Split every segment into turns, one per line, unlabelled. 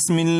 بسم الله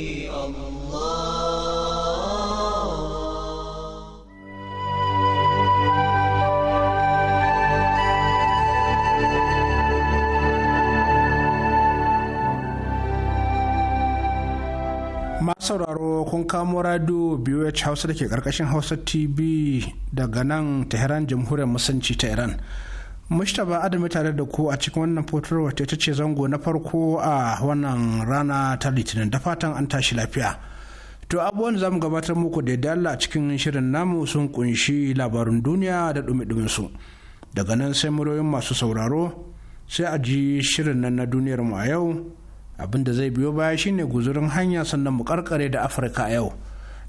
sauraro kun kamo radio BOH Hausa da ke karkashin Hausa TV daga nan Tehran jamhuriyar musanci ta Iran. Mushtaba Adamu tare da ku a cikin wannan wata ta ce zango na farko a wannan rana ta Litinin da fatan an tashi lafiya. To abubuwan za mu gabatar muku da dala a cikin shirin namu sun kunshi labarin duniya da dumi su. Daga nan sai muryoyin masu sauraro sai a ji shirin nan na duniyar mu a yau abin da zai biyo baya shine guzurin hanya sannan mu karkare da afirka a yau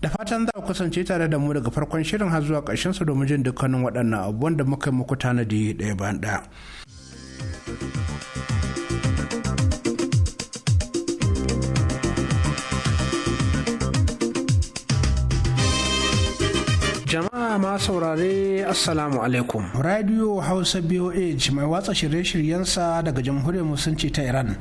da fatan za ku kasance tare da mu daga farkon shirin har zuwa ƙarshen su domin jin dukkanin waɗannan abubuwan da muka yi muku tanadi ɗaya bayan ɗaya jama'a ma saurare assalamu alaikum radio hausa boh mai watsa shirye-shiryensa daga jamhuriyar musulunci ta iran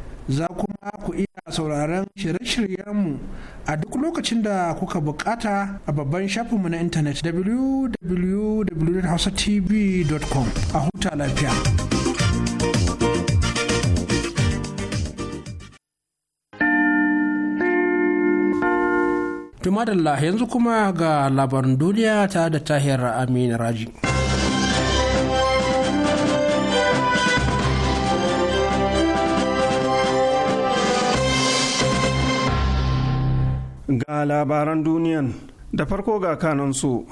za kuma ku iya sauraron shirye-shiryenmu a duk lokacin da kuka bukata a babban shafinmu na intanet www.hausatv.com a huta lafiya. Tumadalla yanzu kuma ga labarin duniya ta da tahiyar Amin Raji.
ga labaran duniyan da farko ga kanansu.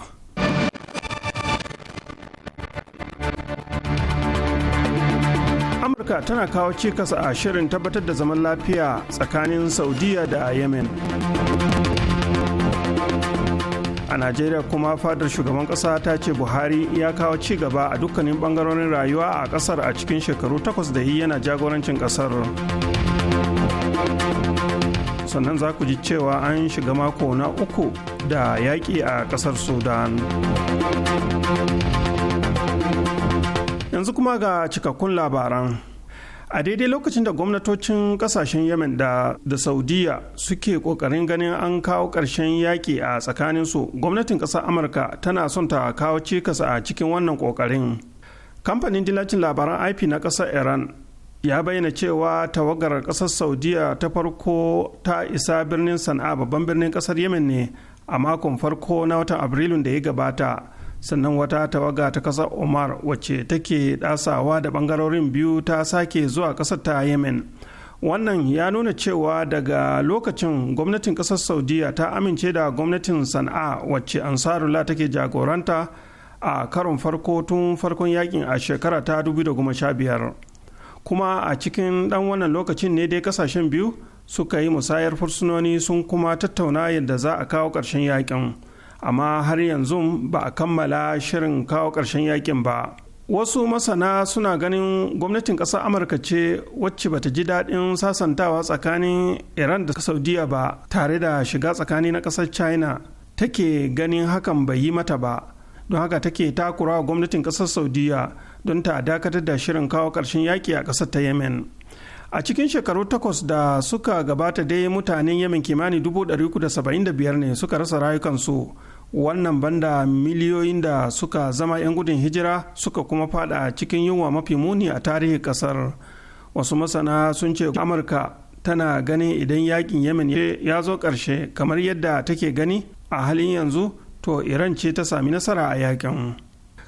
amurka tana kawo cikas a shirin tabbatar da zaman lafiya tsakanin saudiya da yemen a najeriya kuma fadar shugaban ƙasa ta ce buhari ya kawo ci gaba a dukkanin bangarorin rayuwa a ƙasar a cikin shekaru takwas da yi yana jagorancin ƙasar. sannan za ku ji cewa an shiga mako na uku da yaƙi a ƙasar sudan yanzu kuma ga cikakkun labaran a daidai lokacin da gwamnatocin kasashen yemen da, da saudiya suke kokarin ganin an kawo ƙarshen yaƙi a tsakaninsu gwamnatin ƙasar amurka tana son ta kawo cikas a cikin wannan kokarin kamfanin dilacin labaran ip na ƙasar iran ya bayyana cewa tawagar ƙasar saudiya ta farko ta isa birnin sana'a babban birnin ƙasar yemen ne a makon farko na watan abrilun da ya gabata sannan wata tawaga ta kasar omar wacce take ɗasawa da ɓangarorin biyu ta sake zuwa ƙasar ta yemen wannan ya nuna cewa daga lokacin gwamnatin ƙasar saudiya ta amince da gwamnatin sana'a wacce ansarullah take jagoranta a karon farko tun farkon yakin a shekara ta 2015 kuma a cikin ɗan wannan lokacin ne dai ƙasashen biyu suka yi musayar fursunoni sun kuma tattauna yadda za a kawo ƙarshen yakin amma har yanzu ba a kammala shirin kawo ƙarshen yakin ba wasu masana suna ganin gwamnatin ƙasar amurka ce wacce bata ji daɗin sasantawa tsakanin iran da saudiya ba tare da shiga tsakani na ƙasar china take ganin hakan bai yi mata ba don haka take takurawa gwamnatin ƙasar saudiya don ta dakatar da shirin kawo ƙarshen yaƙi a ƙasar ta yemen a cikin shekaru takwas da suka gabata dai mutanen yemen kimanin biyar ne suka rasa rayukansu wannan banda miliyoyin da suka zama 'yan gudun hijira suka kuma fada cikin yunwa mafi muni a tarihin kasar wasu masana sun ce amurka tana ganin idan yakin yemen ya zo ƙarshe kamar yadda take gani a halin yanzu to iran ce ta sami nasara a yakin.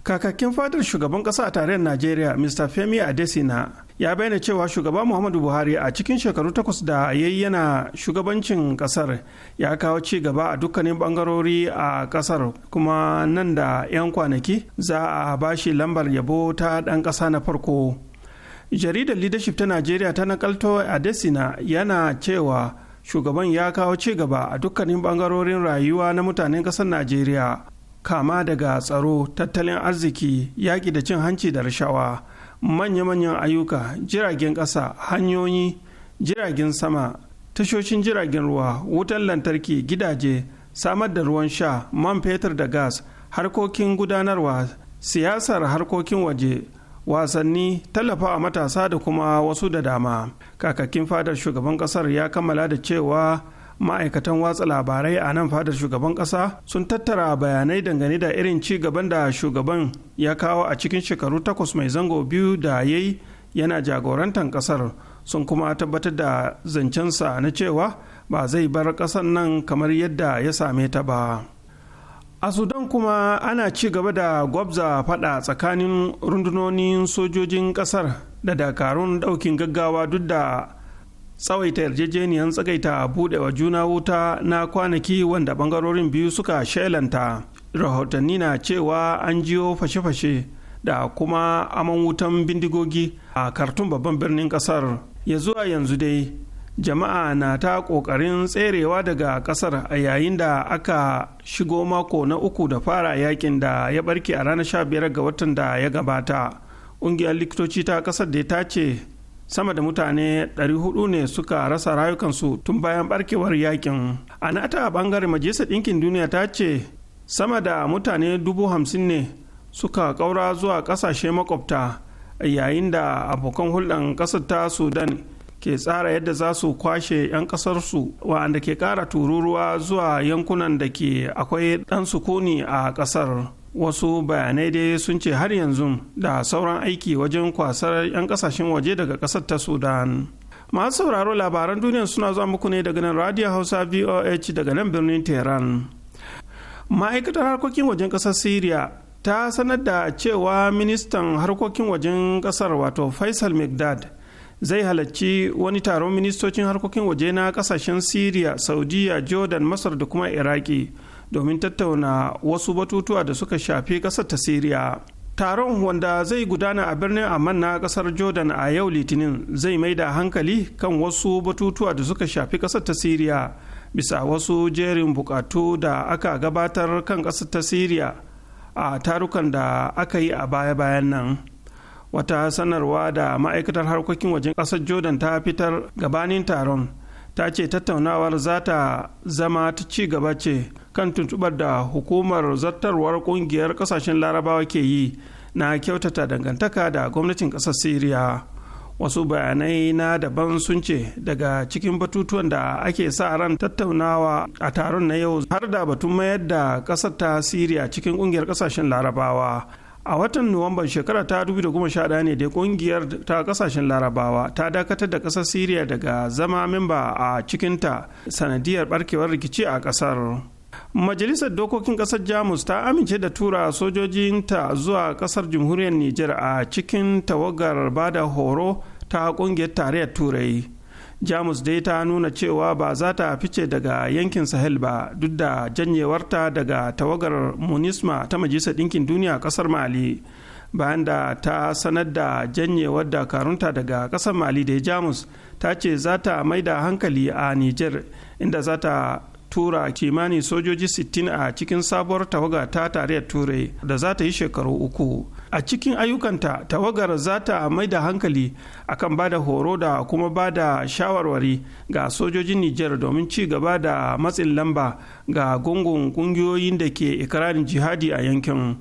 kakakin fadar shugaban kasa a tarayyar najeriya mr femi adesina ya bayyana cewa shugaba muhammadu buhari a cikin shekaru takwas da yayi yana shugabancin kasar ya kawo ci gaba a dukkanin bangarori a kasar kuma nan da 'yan kwanaki za a bashi lambar yabo ta ɗan ƙasa na farko jaridar leadership ta najeriya ta nakalto adesina yana cewa shugaban ya kawo ci gaba a dukkanin bangarorin rayuwa na mutanen ƙasar najeriya kama daga tsaro tattalin arziki yaƙi da cin hanci da rashawa manya-manyan ayyuka jiragen ƙasa hanyoyi jiragen sama tashoshin jiragen ruwa wutan lantarki gidaje samar da ruwan sha man fetur da gas harkokin gudanarwa siyasar harkokin waje wasanni tallafa a matasa da kuma wasu da dama kakakin fadar shugaban kasar ya kammala da cewa ma'aikatan watsa labarai a nan fadar shugaban ƙasa sun tattara bayanai dangane da irin ci gaban da shugaban ya kawo a cikin shekaru takwas mai zango biyu da ya yi yana jagorantar ƙasar sun kuma tabbatar da zancensa na cewa ba zai bar ƙasar nan kamar yadda ya same ta ba. a sudan kuma ana ci gaba da gwabza fada tsakanin rundunonin sojojin kasar da dakarun daukin gaggawa duk da tsawaita yarjejeniyar tsagaita a budewa juna wuta na kwanaki wanda bangarorin biyu suka shailanta, rahotanni na cewa an jiyo fashe-fashe da kuma aman wutan bindigogi a kartun babban birnin kasar ya zuwa yanzu dai jama'a na ta ƙoƙarin tserewa daga ƙasar a yayin da aka shigo mako na uku da fara yakin da ya barke a ranar 15 ga watan da ya gabata ƙungiyar likitoci ta ƙasar da ta ce sama da mutane 400 ne suka rasa rayukansu tun bayan barkewar yakin a nata bangare majalisar ɗinkin duniya ta ce sama da mutane 50,000 ne suka ƙaura zuwa ƙasashe makwabta yayin da abokan hulɗan ƙasar ta sudan ke tsara yadda za su kwashe 'yan ƙasarsu wa'anda ke ƙara tururuwa zuwa yankunan da ke akwai ɗan sukuni a ƙasar. wasu bayanai dai sun ce har yanzu da sauran aiki wajen kwasar 'yan kasashen waje daga kasar ta sudan masu sauraro labaran duniya suna zuwa muku ne daga nan radio hausa voh daga nan birnin tehran ma'aikatar harkokin wajen ƙasar syria ta sanar da cewa ministan harkokin wajen ƙasar wato faisal mcdad zai halarci wani taron ministocin harkokin waje na ƙasashen syria saudiya jordan masar da kuma iraki domin tattauna wasu batutuwa da suka shafi ƙasar ta siriya taron wanda zai gudana a birnin amman na ƙasar jordan a yau litinin zai mai da hankali kan wasu batutuwa da suka shafi kasar ta siriya bisa wasu jerin bukatu da aka gabatar kan kasar ta siriya a tarukan da aka yi a baya-bayan nan wata sanarwa da ma'aikatar harkokin wajen ƙasar jordan ta fitar gabanin taron ta ce tattaunawar za ta zama ta ci gaba ce kan tuntubar da hukumar zartarwar kungiyar kasashen larabawa ke yi na kyautata dangantaka da gwamnatin kasar syria wasu bayanai na daban sun ce daga cikin batutuwan da ake sa ran tattaunawa a taron na yau har da batun mayar da kasar ta syria cikin kungiyar kasashen larabawa a watan nuwamban shekara ta 2011 ne da kungiyar ta kasashen larabawa ta dakatar da kasar syria daga zama memba a cikinta sanadiyar barkewar rikici a kasar majalisar dokokin kasar jamus ta amince da tura sojojinta zuwa kasar jamhuriyar niger a cikin tawagar bada horo ta kungiyar tarayyar turai jamus dai ta nuna cewa ba za ta fice daga yankin sahel ba duk da janyewarta daga tawagar munisma ta majalisar ɗinkin duniya kasar mali bayan da ta sanar da janyewar karunta daga kasar mali da jamus ta ce za ta mai da hankali a niger inda za ta tura kimanin sojoji 60 a cikin sabuwar tawaga ta tarayyar turai da za ta yi shekaru uku a cikin ayyukanta tawagar za ta mai da hankali akan ba da horo da kuma ba da shawarwari ga sojojin niger domin ci gaba da matsin lamba ga gungun kungiyoyin da ke ikirarin jihadi a yankin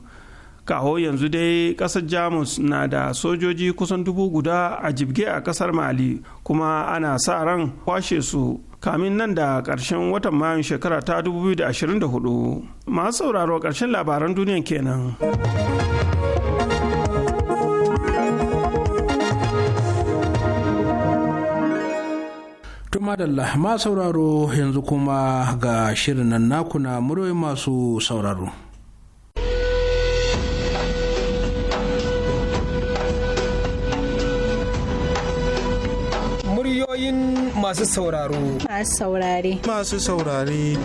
kawo yanzu dai kasar jamus na da sojoji kusan dubu guda a jibge a kasar mali kuma ana sa ran kwashe su kamin nan da ƙarshen watan mayun shekara ta 2024 masu sauraro ƙarshen labaran duniya
kenan. madalla ma sauraro yanzu kuma ga shirin nan naku na muryoyin masu sauraro.
Ra'ayoyin masu sauraro.
Masu saurare.
Masu saurare.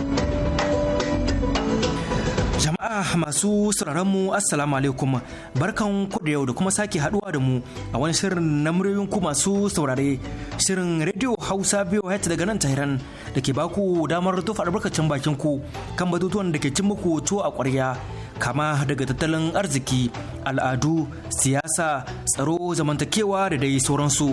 Jama'a masu sauraron mu Assalamu alaikum barkan ku da yau da kuma sake haduwa da mu a wani shirin na muryoyin ku masu saurare shirin Radio Hausa biyu hata daga nan tahiran da ke baku damar tofa albarkacin bakin ku kan batutuwan da ke cin muku tuwo a ƙwarya kama daga tattalin arziki al'adu siyasa tsaro zamantakewa da dai sauransu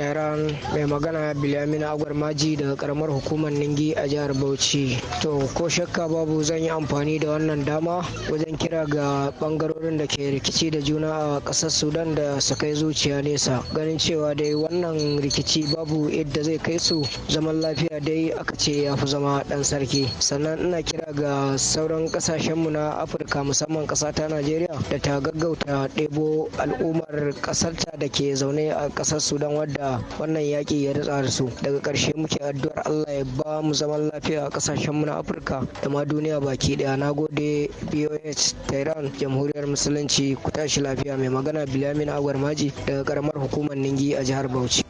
taron mai magana Bilamina Agwar Maji daga karamar hukumar Ningi a jihar Bauchi. To ko shakka babu zan yi amfani da wannan dama wajen kira ga bangarorin da ke rikici da juna a kasar Sudan da su kai zuciya nesa. Ganin cewa dai wannan rikici babu yadda zai kai su zaman lafiya dai aka ce ya fi zama ɗan sarki. Sannan ina kira ga sauran ƙasashenmu na Afirka musamman kasa ta Najeriya da ta gaggauta ɗebo al'ummar ƙasarta da ke zaune a ƙasar Sudan wadda wannan yaƙi ya ritsa da su daga ƙarshe muke addu'ar Allah ya ba mu zaman lafiya a ƙasashen mu na Afirka da ma duniya baki ɗaya na gode BOH Tehran Jamhuriyar Musulunci ku tashi lafiya mai magana Bilamin Agwar Maji daga ƙaramar hukumar Ningi a jihar Bauchi.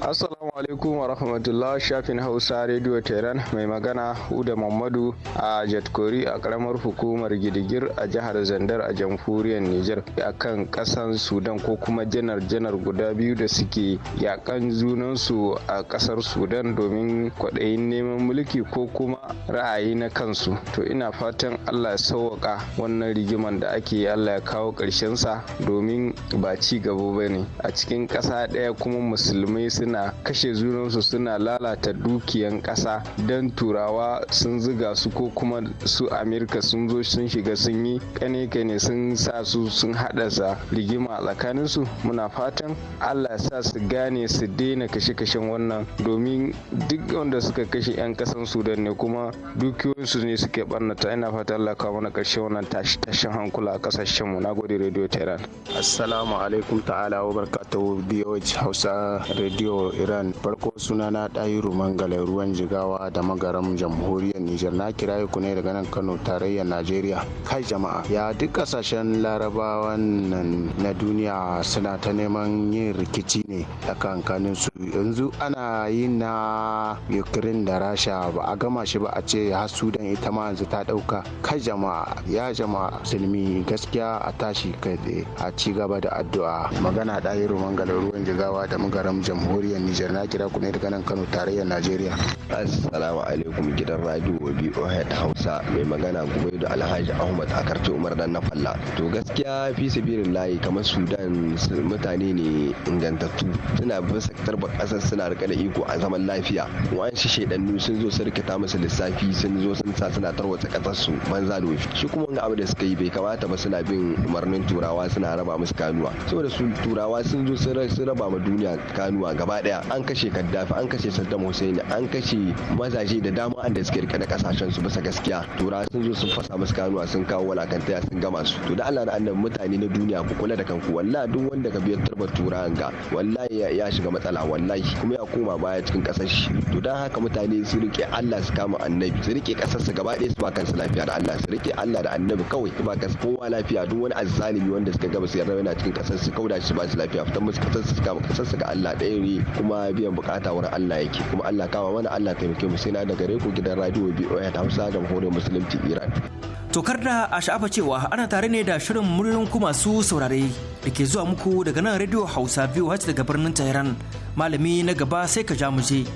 Assalamu alaikum wa rahmatullah shafin Hausa Radio Tehran mai magana Uda Mamadu a Jatkori a karamar hukumar Gidigir a jihar Zandar a jamhuriyar Nijar a kan kasan Sudan ko kuma janar-janar guda biyu da suke yakan su a kasar Sudan domin kwaɗayin neman mulki ko kuma ra'ayi na kansu. To ina fatan Allah ya sauwaka wannan rigiman da ake Allah ya kawo sa domin ba ci gaba ba ne. A cikin kasa ɗaya kuma musulmai sun suna kashe junansu suna lalata dukiyan kasa don turawa sun ziga su ko kuma su amerika sun zo sun shiga sun yi kane-kane sun sa su sun sa rigima tsakaninsu muna fatan allah sa su gane su daina kashe-kashen wannan domin duk wanda suka kashe 'yan kasan sudan ne kuma dukiyoyinsu ne suke barnata ina fatan allah kawo mana karshe wannan tashin hankula a kasashen mu na gode radio tehran assalamu alaikum ta'ala wa barakatuhu hausa radio iran farko sunana ɗahiru mangala ruwan jigawa da magaram jamhuriyar nijar na kiraye ku ne daga nan kano tarayyar najeriya kai jama'a ya duk ƙasashen larabawan nan na duniya suna ta neman yin rikici ne a kankanin su yanzu ana yi na ukraine da rasha ba a gama shi ba a ce har sudan ita ma yanzu ta ɗauka kai jama'a ya jama'a musulmi gaskiya a tashi kai a ci gaba da addu'a magana ɗahiru mangala ruwan jigawa da magaram jamhuriyar tarayyar
Nijar na kira ku ne daga nan Kano tarayyar Najeriya. Assalamu alaikum gidan radio BOHead Hausa mai magana gobe da Alhaji Ahmad Akarci Umar dan nafalla To gaskiya fi sabirin layi kamar Sudan mutane ne ingantattu suna bin sakatar kasar suna rika da iko a zaman lafiya. Wa'ansu shaidannu sun zo su rikita musu lissafi sun zo sun sa suna tarwatsa kasar su banza da wafi. Shi kuma wani abu da suka yi bai kamata ba suna bin umarnin turawa suna raba musu kanuwa. Saboda su turawa sun zo sun raba ma duniya kanuwa gaba daya an kashe kaddafi an kashe saddam hussein an kashe mazaje da dama da suke rike da kasashen su bisa gaskiya tura sun zo sun fasa musu kanuwa sun kawo walakantaya sun gama su to da allah na annabi mutane na duniya ku kula da kanku wallahi duk wanda ka biyar turbar tura ga wallahi ya shiga matsala wallahi kuma ya koma baya cikin kasar shi to dan haka mutane su rike allah su kama annabi su rike kasar su gaba ɗaya su ba kansu lafiya da allah su rike allah da annabi kawai su ba kansu kowa lafiya duk wani azzalimi wanda suka gaba su yarda yana cikin kasar su kauda shi ba su lafiya fitan musu kasar su kama kasar su ga allah ɗaya ne kuma biyan bukata wurin Allah yake kuma Allah kama mana Allah taimake mu sai na daga gidan radio BOA ta Hausa Jamhuriyar Musulunci Iran.
Tokar da a sha'afa cewa ana tare ne da shirin muryoyin ku masu saurare da ke zuwa muku daga nan radio Hausa VOH daga birnin Tehran malami na gaba sai ka ja mu je.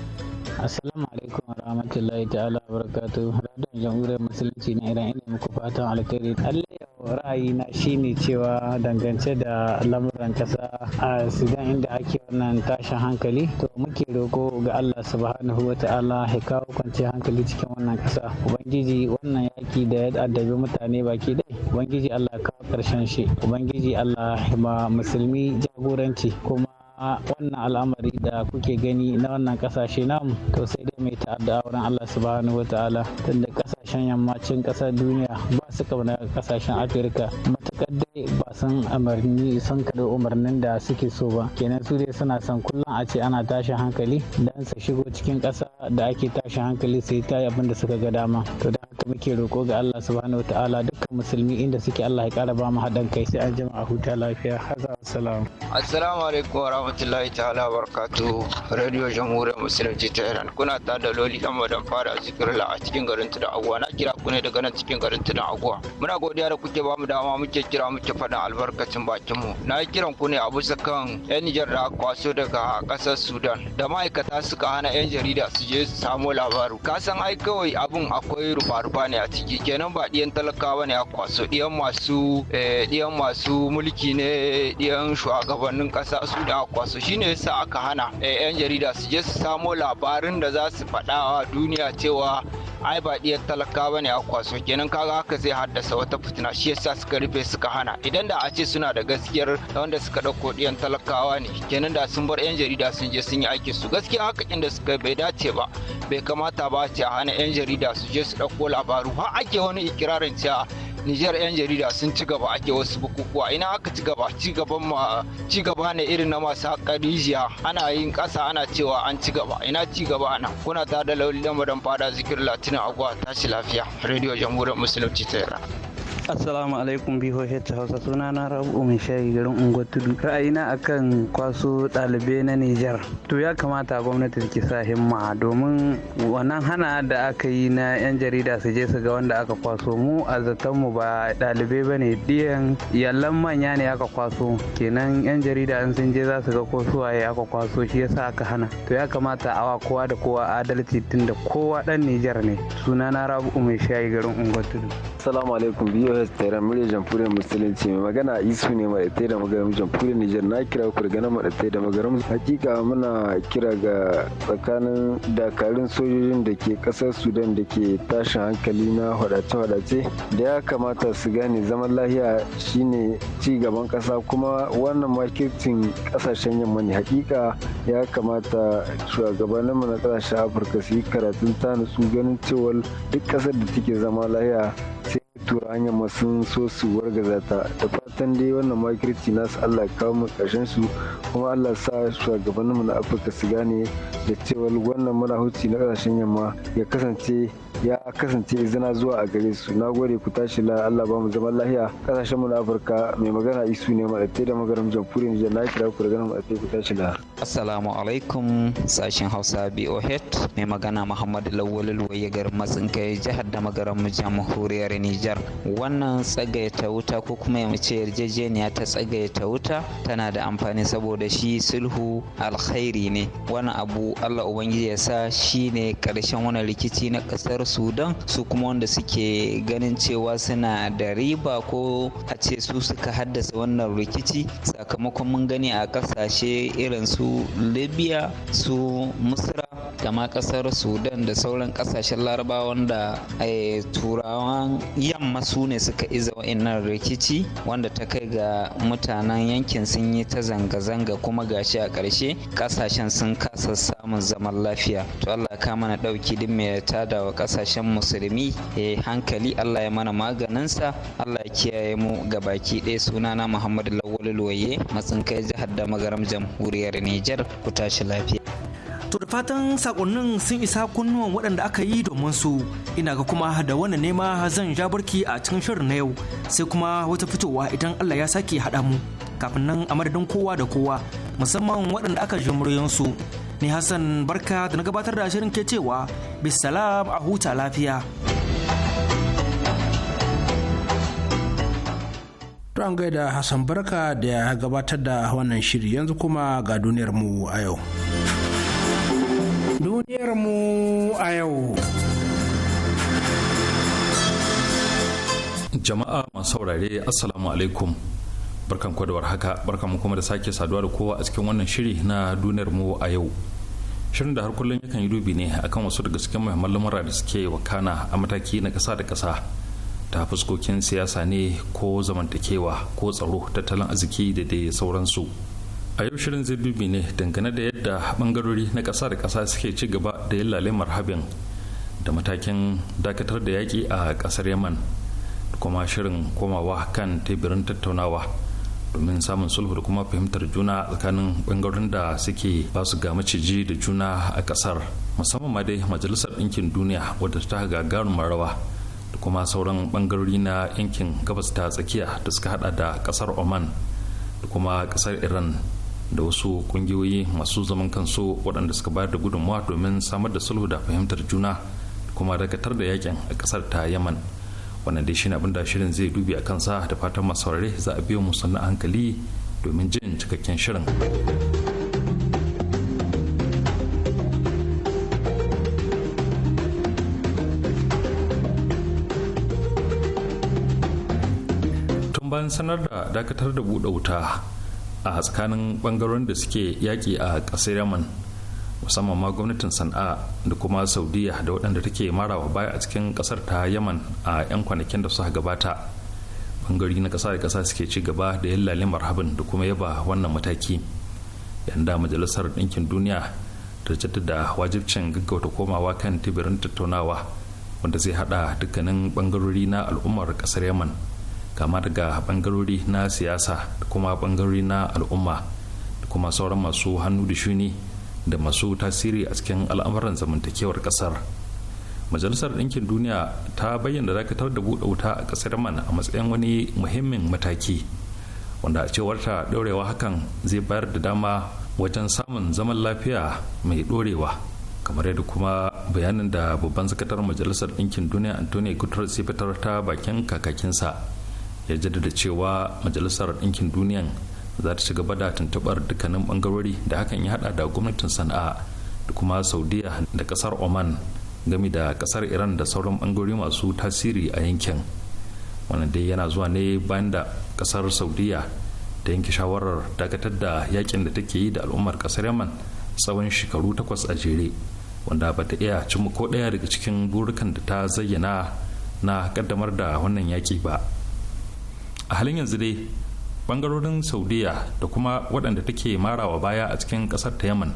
Assalamu alaikum warahmatullahi ta'ala barakatu. Radon Jamhuriyar Musulunci na Iran ina muku fatan alkhairi. Allah shi shine cewa dangance da lamuran kasa a Sudan inda ake wannan tashin hankali to muke roko ga Allah subhanahu wa ta'ala ya kawo kwanciyar hankali cikin wannan kasa. Ubangiji wannan yaki da ya addabi mutane baki dai. Ubangiji Allah ya kawo karshen shi. Ubangiji Allah ya ba musulmi jagoranci kuma wannan al'amari da kuke gani na wannan kasashe namu to sai dai mai ta'adda wurin Allah subhanahu wataala tunda kasashen yammacin kasar duniya ba su kamar kasashen Afirka matakar dai ba san amarni sun kada umarnin da suke so ba kenan su dai suna son kullum a ce ana tashin hankali dan su shigo cikin kasa da ake tashin hankali sai ta yi abin da suka ga dama to da haka muke roƙo ga Allah subhanahu wataala dukkan musulmi inda suke Allah ya kara ba mu haɗin kai sai an a huta lafiya hazza assalamu
assalamu alaikum rahmatullahi ta'ala barkatu radio jamhuriyar musulunci ta iran kuna ta da loli dan madan fara la a cikin garin tudun aguwa na kira ku ne daga nan cikin garin tudun aguwa muna godiya da kuke bamu dama muke kira muke faɗin albarkacin bakin mu na yi kiran ku ne a bisa kan yan nijar da kwaso daga ƙasar sudan da ma'aikata suka hana yan jarida su je su samo labaru ka san ai kawai abin akwai rufa-rufa ne a ciki kenan ba ɗiyan talakawa ne a kwaso ɗiyan masu eh, ɗiyan masu mulki ne ɗiyan shugabannin ƙasa su da kwaso shine yasa aka hana eh, yan jarida su je su samo labarin da za su faɗa a duniya cewa ai ba diyar talakawa ne a kwaso kenan kaga haka zai haddasa wata fitina shi yasa suka rufe suka hana idan da a ce suna da gaskiyar wanda suka ɗauko diyan talakawa ne kenan da sun bar yan jarida sun je sun yi aiki su gaskiya haka inda suka bai dace ba bai kamata ba a ce a hana yan jarida su je su ɗauko labaru har ake wani ikirarin cewa Nijar 'yan jarida sun ci gaba ake wasu bukukuwa ina aka ci gaba ci gaban ma ci gaba ne irin na masu hakarijiya ana yin ƙasa ana cewa an ci gaba ina ci gaba ana kuna ta da lauli dan madan fada zikir latina agwa tashi lafiya radio jamhuriyar musulunci ta yara.
Assalamu alaikum BOH Hausa suna na Rabu mai shayi garin unguwar tudu. Ra'ayina akan kwaso ɗalibai na Nijar. To ya kamata gwamnati ki sa himma domin wannan hana da aka yi na 'yan jarida su je su ga wanda aka kwaso mu a zaton mu ba ɗalibai ba ne diyan yallan manya ne aka kwaso kenan 'yan jarida an sun je za su ga ko suwaye aka kwaso shi yasa aka hana. To ya kamata awa kowa da kowa adalci tunda kowa ɗan Nijar ne. Suna na Rabu mai shayi garin unguwar tudu.
Assalamu alaikum jihar Tairan murya jamhuriyar musulunci mai magana isu ne tsaye da magana jamhuriyar Nijar na kira ku daga tsaye da magana Hakika muna kira ga tsakanin dakarun sojojin da ke kasar Sudan da ke tashin hankali na hwadace-hwadace da ya kamata su gane zaman lahiya shine ci gaban kasa kuma wannan marketing kasashen yamma ne hakika ya kamata shugabanninmu na kasashen Afirka su yi karatun ta nutsu ganin cewar duk kasar da take zama lahiya sai tura hanyar masu so su wargaza ta da fatan dai wannan makirci nasu allah kawo mu karshen su kuma allah sa shugabanninmu na afirka su gane da cewa wannan marahuci na kasashen yamma ya kasance ya kasance izina zuwa a gare su na gode ku tashi la Allah ba mu zaman lahiya kasashen mu na Afirka mai magana isu ne mu da magaram jamhuriyar Nijar na kira ku daga nan ku tashi la
Assalamu alaikum sashen Hausa BOH mai magana Muhammad Lawal waye garin Matsin kai jihar da magaram jamhuriyar Nijar wannan ta wuta ko kuma ya mace yarjejeniya ta ta wuta tana da amfani saboda shi sulhu alkhairi ne wannan abu Allah ubangiji ya sa shine karshen wannan rikici na kasar sudan su kuma wanda suke ganin cewa suna da riba ko a ce su suka haddasa wannan rikici sakamakon mun gani a kasashe irin su libya su musra. kama kasar sudan da sauran kasashen larabawa wanda eh, turawan yamma su ne suka iza wa'annan rikici wanda ta kai ga mutanen yankin sun yi ta zanga-zanga kuma gashi a ƙarshe kasashen sun kasa samun zaman lafiya to allah ka mana ɗauki duk mai tada wa kasashen musulmi ya eh, hankali allah ya mana maganinsa allah ya kiyaye mu ga baki ɗaya sunana muhammadu lawal loye matsin kai jihar da magaram jamhuriyar niger ku tashi lafiya To da fatan sakonnin sun isa kunnuwan waɗanda aka yi domin su ina ga kuma da
wani nema zan ja barki a cikin shirin na yau sai kuma wata fitowa idan Allah ya sake haɗa mu kafin nan a madadin kowa da kowa musamman waɗanda aka ji su ni Hassan barka da na gabatar da shirin ke cewa bisalam a huta lafiya.
an gaida Hassan Barka da ya gabatar da wannan shiri yanzu kuma ga duniyar mu a yau. duniyar mu a yau.
Jama'a masu saurare Assalamu alaikum. Barkan da haka barkan mu kuma da sake saduwa da kowa a cikin wannan shiri na duniyarmu a yau. Shirin da har kullum yakan yi dubi ne akan wasu daga cikin muhimman lamura da suke wakana a mataki na kasa da kasa ta fuskokin siyasa ne ko zamantakewa ko tsaro tattalin arziki da dai sauransu. a yau shirin zai bibi ne dangane da yadda bangarori na ƙasa da ƙasa suke ci gaba da yin lalimar habin da matakin dakatar da yaƙi a ƙasar yaman da kuma shirin komawa kan teburin tattaunawa domin samun sulhu da kuma fahimtar juna tsakanin bangarorin da suke ba su ga maciji da juna a ƙasar musamman ma dai majalisar ɗinkin duniya wadda ta garin marawa da kuma sauran bangarori na yankin gabas ta tsakiya da suka hada da ƙasar oman da kuma kasar iran da wasu kungiyoyi masu zaman kansu waɗanda suka bayar da gudunmawa domin samar da sulhu da fahimtar juna kuma dakatar da yakin a ƙasar ta yaman wannan dai shine abin da shirin zai dubi a kansa da fatan masu za a biyo musu sannan hankali domin jin cikakken shirin tun bayan sanar da dakatar da buɗe wuta a tsakanin bangaren da suke yaƙi a ƙasar yaman musamman ma gwamnatin sana'a da kuma saudiya da waɗanda take marawa baya a cikin ƙasar ta yaman a 'yan kwanakin da suka gabata ɓangare na ƙasa da ƙasa suke ci gaba da yallale marhabin da kuma yaba wannan mataki yanda majalisar ɗinkin duniya ta jaddada wajibcin gaggauta komawa kan tibirin tattaunawa wanda zai haɗa dukkanin bangarori na al'ummar ƙasar yaman kama daga bangarori na siyasa da kuma bangarori na al'umma da kuma sauran masu hannu da shuni da masu tasiri a cikin al'amuran zamantakewar kasar majalisar ɗinkin duniya ta bayyana dakatar da buɗe wuta a ƙasar man a matsayin wani muhimmin mataki wanda a cewar ta ɗorewa hakan zai bayar da dama wajen samun zaman lafiya mai ɗorewa kamar yadda kuma bayanin da babban sakatar majalisar ɗinkin duniya antonio guterres ya fitar ta bakin kakakinsa ya jaddada cewa majalisar ɗinkin duniyan za ta ci gaba da tuntubar dukkanin bangarori da hakan ya haɗa da gwamnatin sana'a da kuma saudiya da ƙasar oman game da ƙasar iran da sauran bangarori masu tasiri a yankin wannan dai yana zuwa ne bayan da ƙasar saudiya ta yanke shawarar dakatar da yakin da take yi da al'ummar ƙasar yaman tsawon shekaru takwas a jere wanda ba ta iya cimma ko ɗaya daga cikin burukan da ta zayyana na ƙaddamar da wannan yaki ba a halin yanzu dai bangarorin saudiya da kuma waɗanda take marawa baya a cikin ƙasar ta yaman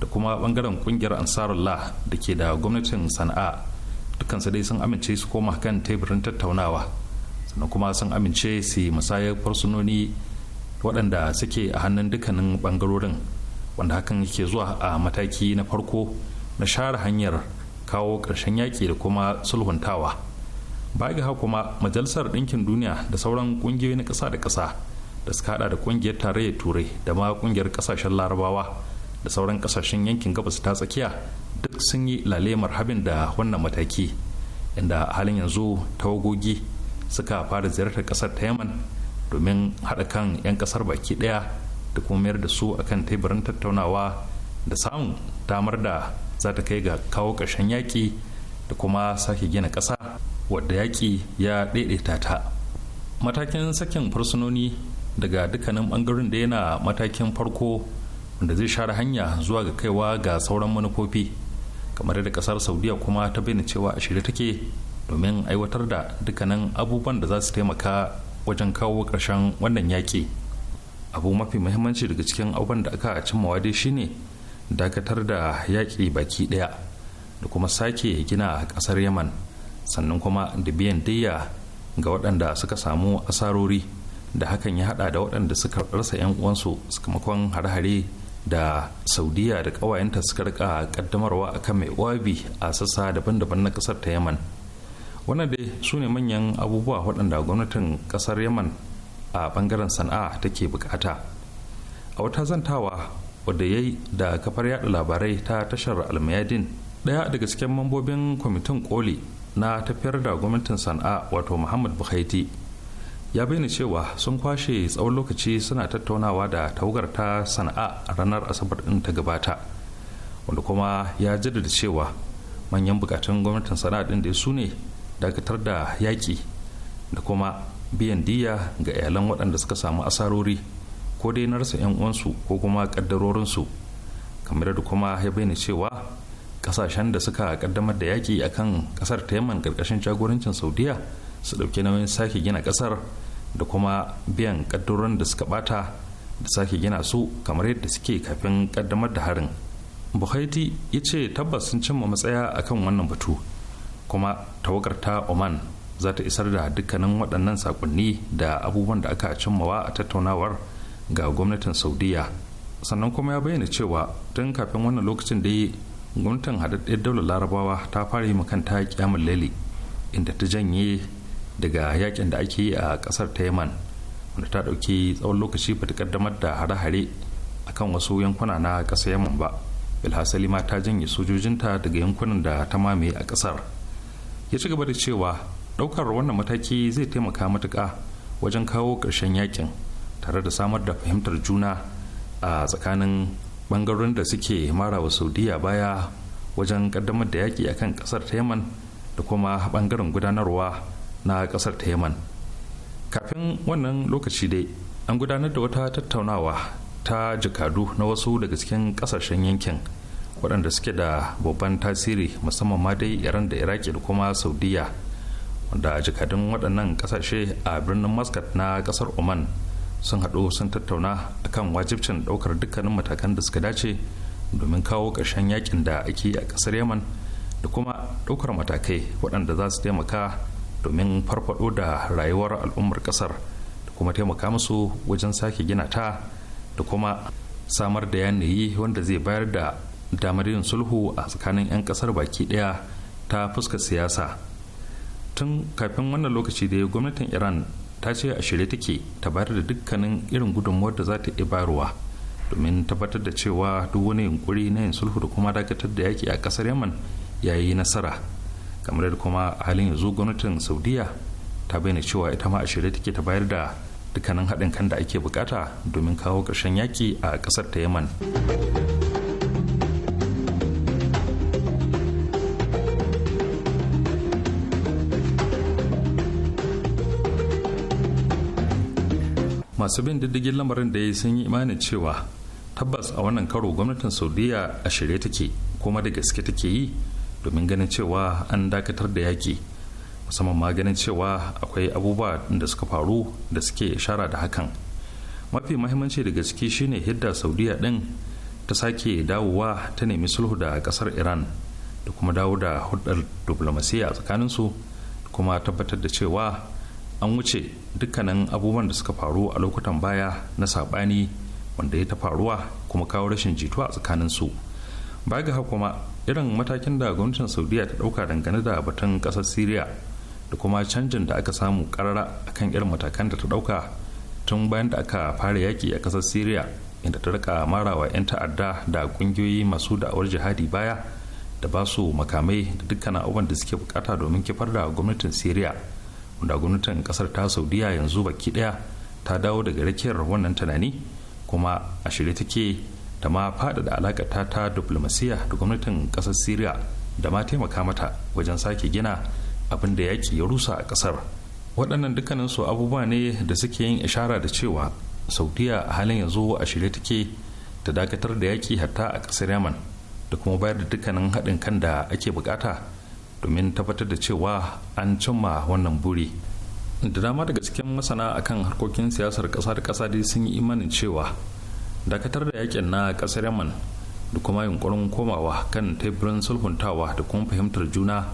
da kuma bangaren ƙungiyar ansarullah da ke da gwamnatin sana'a dukansu dai sun amince su koma kan teburin tattaunawa sannan kuma sun amince su musayar fursunoni waɗanda suke a hannun dukkanin bangarorin wanda hakan yake zuwa a mataki na farko na share hanyar kawo ƙarshen yaƙi da kuma sulhuntawa. baga ga kuma majalisar ɗinkin duniya da sauran ƙungiyoyi na ƙasa da ƙasa da suka hada da ƙungiyar tarayyar turai da ma ƙungiyar ƙasashen larabawa da sauran ƙasashen yankin gabas ta tsakiya duk sun yi lalemar habin da wannan mataki inda halin yanzu tawagogi suka fara ziyartar ƙasar ta yaman domin haɗa kan 'yan ƙasar baki ɗaya da kuma mayar da su akan teburin tattaunawa da samun damar da za ta kai ga kawo ƙarshen yaƙi da kuma sake gina ƙasa wadda yaƙi ya daidaita ta matakin sakin fursunoni daga dukkanin bangaren da yana matakin farko wanda zai share hanya zuwa ga kaiwa ga sauran manufofi kamar da ƙasar saudiya kuma ta bayyana cewa a shirye take domin aiwatar da dukkanin abubuwan da za su taimaka wajen kawo ƙarshen wannan yaƙi abu mafi muhimmanci daga cikin abubuwan da aka cimmawa dai shine dakatar da yaƙi baki ɗaya da kuma sake gina ƙasar yaman sannan kuma da biyan diya ga waɗanda suka samu asarori da hakan ya hada da waɗanda suka rasa 'yan uwansu sakamakon hare-hare da saudiya da ƙawayenta suka rika kaddamarwa kan mai wabi a sassa daban-daban na ƙasar ta yaman wannan dai su ne manyan abubuwa waɗanda gwamnatin ƙasar yaman a ɓangaren sana'a take bukata a wata zantawa wadda ya yi da kafar yada labarai ta tashar almayadin ɗaya daga cikin mambobin kwamitin koli na tafiyar da gwamnatin sana'a wato muhammad buhaiti ya bayyana cewa sun kwashe tsawon lokaci suna tattaunawa da tawagar ta sana'a a ranar asabar din ta gabata wanda kuma ya jaddada cewa manyan bukatun gwamnatin sana'a din da su ne dakatar da yaƙi da kuma biyan diya ga iyalan waɗanda suka samu asarori ko dai na rasa 'yan uwansu ko kuma kaddarorinsu kamar da kuma ya bayyana cewa kasashen da suka kaddamar da yaƙi a kan ƙasar ta yamman ƙarƙashin jagorancin saudiya su ɗauki nauyin sake gina ƙasar da kuma biyan ƙaddurorin da suka ɓata da sake gina su kamar yadda suke kafin ƙaddamar da harin buhaiti ya ce tabbas sun cimma matsaya a kan wannan batu kuma tawagar ta oman za ta isar da dukkanin waɗannan sakonni da abubuwan da aka cimmawa a tattaunawar ga gwamnatin saudiya sannan kuma ya bayyana cewa tun kafin wannan lokacin da gwamnatin haɗaɗɗiyar daular larabawa ta fara yi ta kyamun lele inda ta janye daga yakin da ake yi a ƙasar ta yaman wanda ta ɗauki tsawon lokaci ba ta ƙaddamar da hare-hare a kan wasu yankuna na ƙasa yaman ba bilhassali ma ta janye sojojinta daga yankunan da ta mamaye a ƙasar ya ci gaba da cewa ɗaukar wannan mataki zai taimaka matuƙa wajen kawo ƙarshen yakin tare da samar da fahimtar juna a tsakanin bangarorin da suke marawa saudiya baya wajen kaddamar da yaƙi a kan ƙasar ta yaman da kuma bangaren gudanarwa na ƙasar ta yaman kafin wannan lokaci dai an gudanar da wata tattaunawa ta jikadu na wasu daga cikin ƙasashen yankin waɗanda suke da babban tasiri musamman ma dai iran da iraki da kuma saudiya wanda jikadun waɗannan ƙasashe a birnin muscat na ƙasar oman sun haɗu sun tattauna a kan wajibcin ɗaukar dukkanin matakan da suka dace domin kawo ƙarshen yakin da ake a ƙasar yaman da kuma ɗaukar matakai waɗanda za su taimaka domin farfaɗo da rayuwar al'ummar ƙasar da kuma taimaka musu wajen sake gina ta da kuma samar da yanayi wanda zai bayar da damar yin sulhu a tsakanin 'yan ƙasar baki ɗaya ta fuska siyasa tun kafin wannan lokaci dai gwamnatin iran ta ce a shirye take ta bayar da dukkanin irin gudunmuwar da za ta iya bayarwa domin tabbatar da cewa duk wani yunkuri na yin sulhu da kuma dakatar da yaki a kasar yaman ya yi nasara kamar da kuma a halin yanzu gwamnatin saudiya ta bayyana cewa ita ma a shirye take ta bayar da dukkanin haɗin kan da ake bukata domin kawo ƙarshen yaki a ƙasar ta yaman masu bin diddigin lamarin da ya sun yi imanin cewa tabbas a wannan karo gwamnatin saudiya a shirye take kuma da gaske take yi domin ganin cewa an dakatar da yaki musamman ma ganin cewa akwai abubuwa da suka faru da suke shara da hakan mafi mahimmanci da gaske shine hidda saudiya din ta sake dawowa ta nemi sulhu da kasar iran da kuma dawo da hudar diplomasiya tsakaninsu da kuma tabbatar da cewa an wuce dukkanin abubuwan da suka faru a lokutan baya na saɓani wanda ya ta faruwa kuma kawo rashin jituwa a tsakanin su baya ga kuma irin matakin da gwamnatin saudiya ta ɗauka dangane da batun ƙasar syria da kuma canjin da aka samu karara akan irin matakan da ta ɗauka tun bayan da aka fara yaƙi a ƙasar syria inda ta rika marawa 'yan ta'adda da ƙungiyoyi masu da'awar jihadi baya da ba su makamai da dukkanin abubuwan da suke bukata domin kifar da gwamnatin syria da gwamnatin kasar ta saudiya yanzu baki daya ta dawo daga rakiyar wannan tunani kuma a shirye take da ma faɗaɗa alaƙa ta ta diplomasiya da gwamnatin ƙasar syria da ma taimaka mata wajen sake gina abin da yaƙi ya rusa a ƙasar waɗannan dukkanin su abubuwa ne da suke yin ishara da cewa saudiya a halin yanzu a shirye take ta dakatar da yaƙi hatta a ƙasar yaman da kuma bayar da dukkanin haɗin kan da ake buƙata. domin tabbatar da cewa an cimma wannan buri da dama daga cikin masana akan harkokin siyasar ƙasa da ƙasa dai sun yi imanin cewa dakatar da yakin na ƙasar yaman da kuma yunkurin komawa kan teburin sulhuntawa da kuma fahimtar juna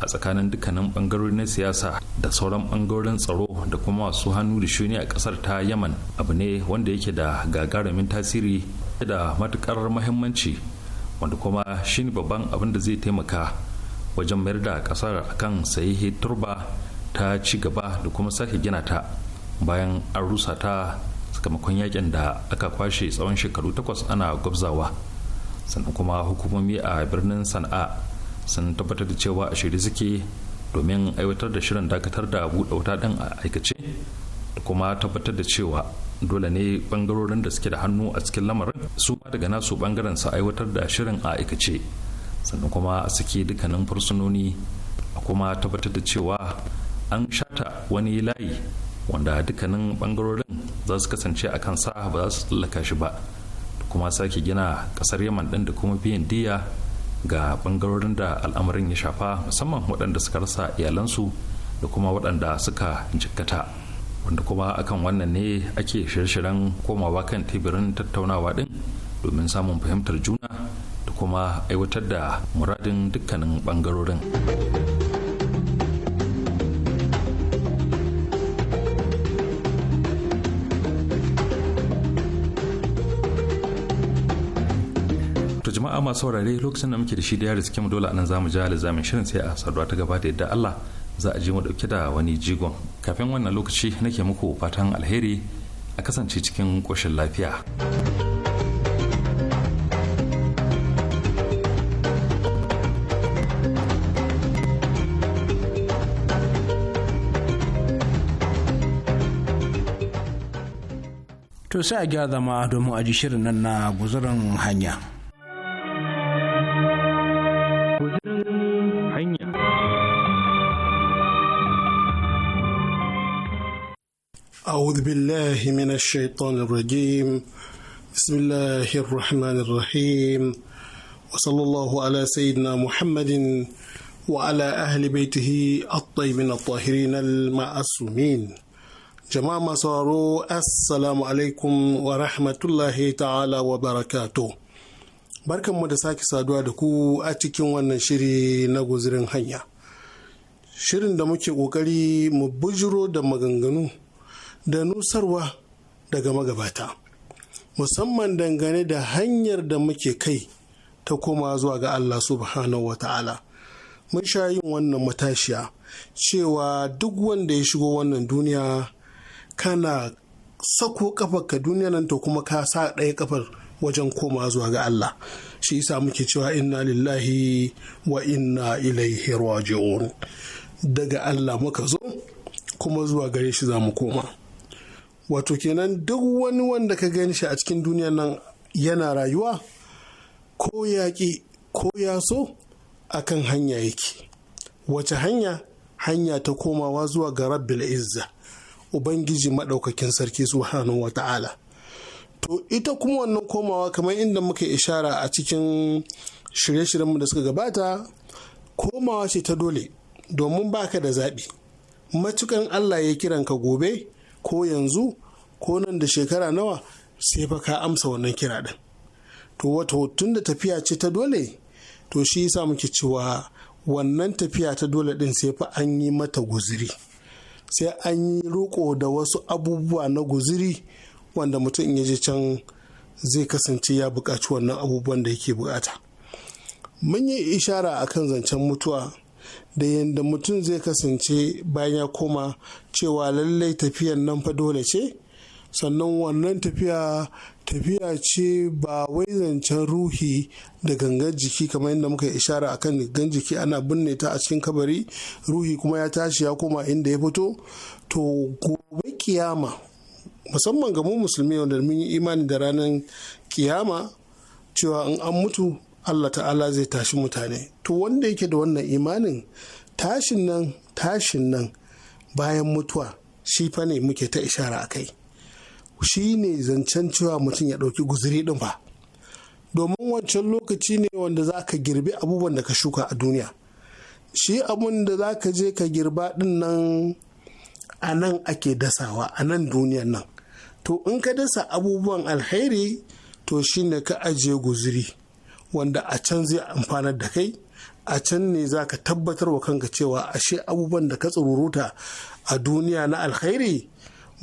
a tsakanin dukkanin bangarori na siyasa da sauran bangarorin tsaro da kuma masu hannu da shuni a kasar ta yaman abu ne wanda yake da gagarumin tasiri da matukar mahimmanci wanda kuma shine babban abin da zai taimaka wajen mayar da kasar kan sahihi turba ta ci gaba da kuma sake gina ta bayan an rusa ta sakamakon yakin da aka kwashe tsawon shekaru takwas ana gwabzawa sannan kuma hukumomi a birnin sana'a sun tabbatar da cewa a shirye suke domin aiwatar da shirin dakatar da buɗe wuta ɗin a aikace da kuma tabbatar da cewa dole ne bangarorin da suke da hannu a cikin lamarin su ma daga nasu bangaren su aiwatar da shirin a aikace sannan kuma a saki dukkanin fursunoni a kuma tabbatar da cewa an shata wani layi wanda dukkanin bangarorin za su kasance a kan sa'a ba za su tsallaka shi ba da kuma sake gina kasar yaman ɗin da kuma biyan diya ga bangarorin da al'amarin ya shafa musamman waɗanda suka rasa iyalansu da kuma waɗanda suka jikkata wanda kuma akan wannan ne ake shirye-shiryen komawa kan tebirin tattaunawa din domin samun fahimtar juna kuma aiwatar da muradin dukkanin bangarorin jama'a masu saurare lokacin da muke da shi da yare cikin dole anan zamu da zamin shirin sai a saduwa ta gaba da yadda Allah za a je mu dauke da wani jigon kafin wannan lokaci nake muku fatan alheri a kasance cikin koshin lafiya.
to sai a gyara zama domin a ji shirin nan na guzurin hanya
أعوذ بالله من الشيطان الرجيم بسم الله الرحمن الرحيم وصلى الله على سيدنا محمد وعلى أهل بيته الطيبين الطاهرين المعصومين jama'a masu sauraro assalamu alaikum wa rahmatullahi ta'ala wa barakato barkanmu da sake saduwa da ku a cikin wannan shiri na guzirin hanya shirin da muke kokari mu bujiro da maganganu da nusarwa daga magabata musamman dangane da hanyar da muke kai ta koma zuwa ga allah subhanahu wa ta'ala mun sha yin wannan matashiya cewa duk wanda ya shigo wannan duniya kana sako kafar ka duniya nan to kuma ka sa ɗaya kafar wajen koma zuwa ga Allah shi yasa muke cewa inna lillahi wa inna ilaihi raji'un daga Allah muka zo kuma zuwa gare shi za mu koma wato kenan duk wani wanda ka gani shi a cikin duniya nan yana rayuwa ko yaƙi ko ya so akan hanya yake wace hanya hanya ta komawa zuwa ga rabbil izza ubangiji maɗaukakin sarki subhanahu wa ta'ala to ita kuma wannan komawa kamar inda muka ishara a cikin shirye-shiryenmu da suka gabata komawa ce ta dole domin baka da zaɓi matukan allah ya kiran ka gobe ko yanzu ko nan da shekara nawa sai fa ka amsa wannan kira ɗin to wato tun da tafiya ce ta dole to shi yasa muke cewa wannan tafiya ta dole ɗin sai fa an yi mata guziri. sai an yi roƙo da wasu abubuwa na guziri wanda mutum ya je can zai kasance ya buƙaci wannan abubuwan da yake buƙata mun yi ishara a kan zancen mutuwa da yadda mutum zai kasance bayan ya koma cewa lallai tafiyan nan fa dole ce sannan wannan tafiya tafiya ce ba wai zancen ruhi da gangan jiki kamar yadda muka ishara a kan gangan jiki ana binne ta a cikin kabari ruhi kuma ya tashi ya koma inda ya fito to gobe kiyama musamman ga mu musulmi wanda mun yi imani da ranar kiyama cewa in an mutu Allah ta'ala zai tashi mutane to wanda yake da wannan imanin tashin nan tashin nan bayan mutuwa shi fa ne muke ta ishara a kai shi ne zancen cewa mutum ya ɗauki guziri ɗin fa domin wancan lokaci ne wanda za ka girbi abubuwan da ka shuka a duniya shi abun da za ka je ka girba ɗin nan a nan ake dasawa a nan duniyan nan to in ka dasa abubuwan alheri to shi ne ka ajiye guziri wanda a can zai amfanar da kai a can ne za ka tabbatar wa kanka cewa ashe abubuwan da ka tsururuta a duniya na alkhairi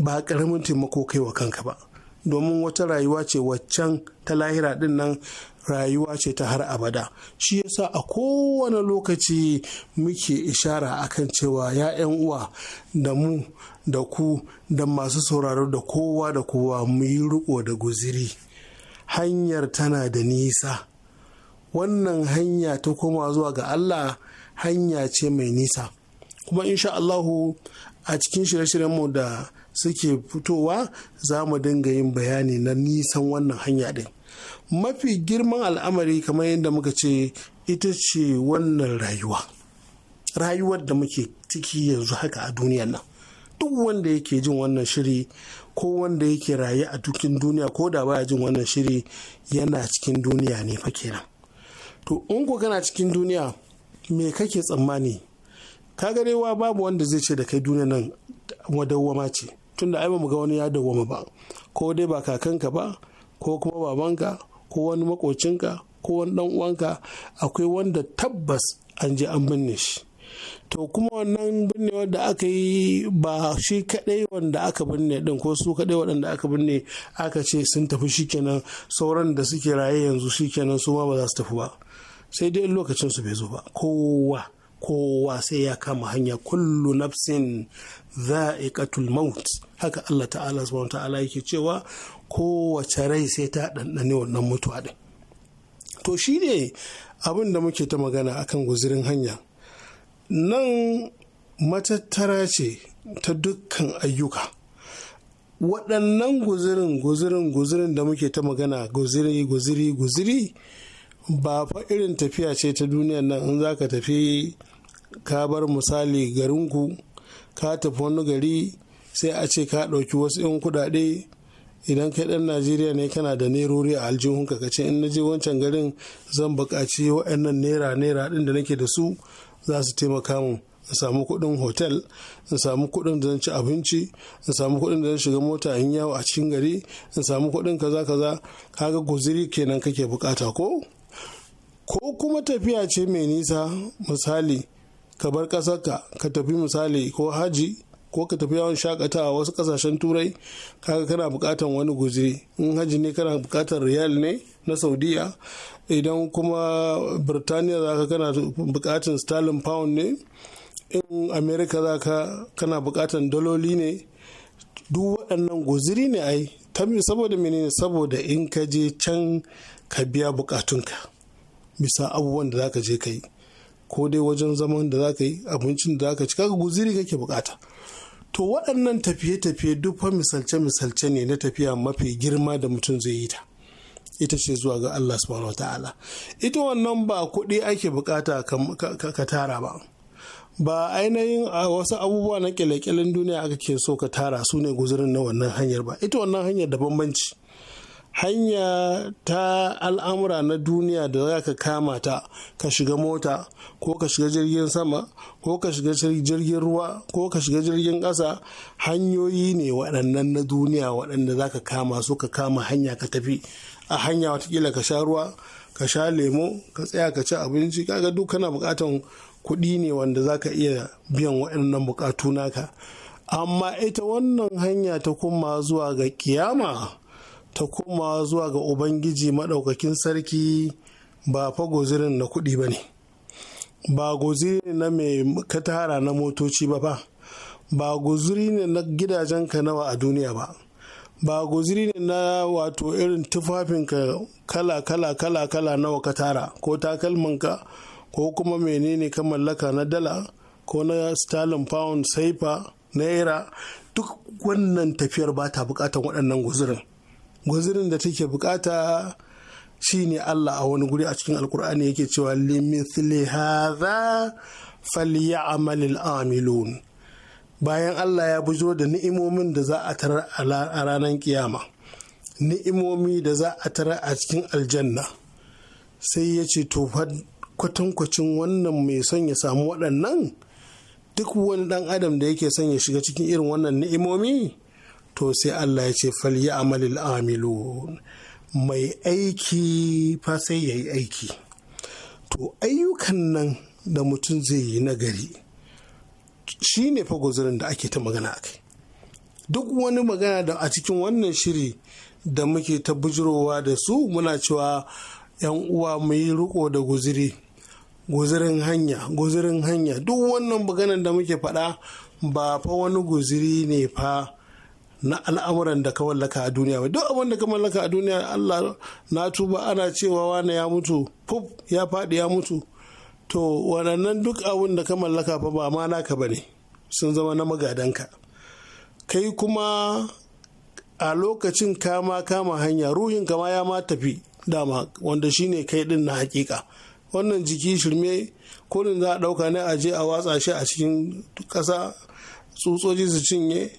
ba ƙaramin taimako kai wa kanka ba domin wata rayuwa ce waccan ta lahira din nan rayuwa ce ta har abada shi yasa a kowane lokaci muke ishara akan cewa ya 'yan uwa da mu da ku da masu sauraro da kowa da kowa mu yi riko da guziri hanyar tana da nisa wannan hanya ta koma zuwa ga allah hanya ce mai nisa kuma insha allahu a cikin shirye shiryen mu da suke fitowa za mu dinga yin bayani na nisan wannan hanya din. mafi girman al'amari kamar yadda muka ce ita ce wannan rayuwa rayuwar da muke ciki yanzu haka a duniyar nan duk wanda yake jin wannan shiri ko wanda yake rayu a dukkan duniya ko da baya jin wannan shiri yana cikin duniya ne fa kenan to in ku kana cikin duniya me kake tsammani ka garewa babu wanda zai ce da kai duniya nan wadawwama ce tunda ai mu ga wani ya dawwama ba ko dai ba kakanka ba ko kuma babanka ko wani makocinka ko wani dan uwanka akwai wanda tabbas an je an binne shi to kuma wannan binne wanda aka yi ba shi kadai wanda aka binne din ko su kadai waɗanda aka binne aka ce sun tafi shikenan sauran da suke raye yanzu shikenan su ma ba za su tafi ba sai dai lokacin su bai zo ba kowa kowa sai ya kama hanya kullu nafsin za'iqatul maut haka Allah ta'ala subhanahu ta'ala yake cewa kowace rai sai ta ɗanɗane wannan mutuwa din to shine abin da muke ta magana akan guzirin hanya nan matattara ce ta dukkan ayyuka waɗannan guzirin guzirin guzirin da muke ta magana guziri guziri guziri ba fa irin tafiya ce ta duniyan nan in za ka tafi ka bar misali garinku ka tafi wani gari sai a ce ka ɗauki wasu 'yan kuɗaɗe idan kai ɗan najeriya ne kana da nerori a aljihun ka ce in na je wancan garin zan buƙaci waɗannan naira naira ɗin da nake da su za su taimaka mu in samu kuɗin hotel in samu kuɗin da zan ci abinci in samu kuɗin da zan shiga mota in yawo a cikin gari in samu kuɗin kaza kaza kaga guziri kenan kake bukata ko ko kuma tafiya ce mai nisa misali ka bar ƙasarka ka tafi misali ko haji ko ka tafi yawon shakatawa wasu ƙasashen turai kaga kana bukatan wani guziri in haji ne kana buƙatar riyal ne na saudiya idan kuma birtaniya za ka kana bukatan stalin pound ne in america za ka kana bukatan daloli ne duk waɗannan guziri ne ai saboda menene saboda in ka je can ka biya bukatunka bisa abubuwan da za ka je ka yi ko dai wajen zaman da zaka yi abincin da zaka ci kaga guziri kake bukata to waɗannan tafiye-tafiye duk fa misalce-misalce ne na tafiya mafi girma da mutum zai yi ta ita ce zuwa ga Allah subhanahu ta'ala ita wannan ba kuɗi ake bukata ka tara ba ba ainihin a wasu abubuwa na kyale-kyalen duniya aka ke so ka tara su ne guzirin na wannan hanyar ba ita wannan hanyar da bambanci hanya ta al'amura na duniya da za ka kama ta ka shiga mota ko ka shiga jirgin sama ko ka shiga jirgin ruwa ko ka shiga jirgin ƙasa hanyoyi ne waɗannan na duniya waɗanda za ka kama su ka kama hanya ka tafi a hanya watakila ka sha ruwa ka sha lemo ka tsaya ka ci abinci kaga duk kana buƙatan kuɗi ne wanda za ka iya biyan waɗannan buƙatu naka amma ita wannan hanya ta kuma zuwa ga kiyama ta koma zuwa ga ubangiji maɗaukakin sarki ba fa gozirin na kuɗi ba ne ba guziri na mai katara na motoci ba fa ba guziri ne na gidajenka nawa a duniya ba ba guziri ne na wato irin tufafinka kala kala kala kala nawa ka tara ko takalmanka ko kuma menene ka mallaka na dala ko na stalin pound saifa naira duk wannan tafiyar ba ta bukatan waɗannan guzirin gwazirin da take bukata ne Allah a wani guri a cikin alkur'ani yake cewa limithli hadha falyamal amilun bayan Allah ya bujo da ni'imomin da za a tarar a ranar kiyama ni'imomi da za a tarar a cikin aljanna sai ya ce to kwatankwacin wannan mai son ya samu waɗannan duk wani ɗan adam da yake son ya shiga cikin irin wannan ni'imomi to sai Allah ya ce fal amalil amilu mai aiki fa sai ya yi aiki to ayyukan nan da mutum zai yi nagari shi ne fa guzurin da ake ta magana a kai duk wani magana da a cikin wannan shiri da muke ta bujirowa da su muna cewa 'yan uwa mu yi riko da guziri guzirin hanya guzirin hanya duk wannan maganar da muke faɗa ba fa wani guziri ne fa na al'amuran da ka wallaka a duniya ba duk abin da ka mallaka a duniya Allah na tuba ana cewa wani ya mutu fuf ya faɗi ya mutu to waɗannan duk abin da ka mallaka fa ba ma naka bane sun zama na magadanka kai kuma a lokacin kama kama hanya ruhin kama ya ma tafi dama wanda shine kai din na hakika wannan jiki shirme kolin za a ɗauka ne a je a watsa shi a cikin ƙasa tsutsoji su cinye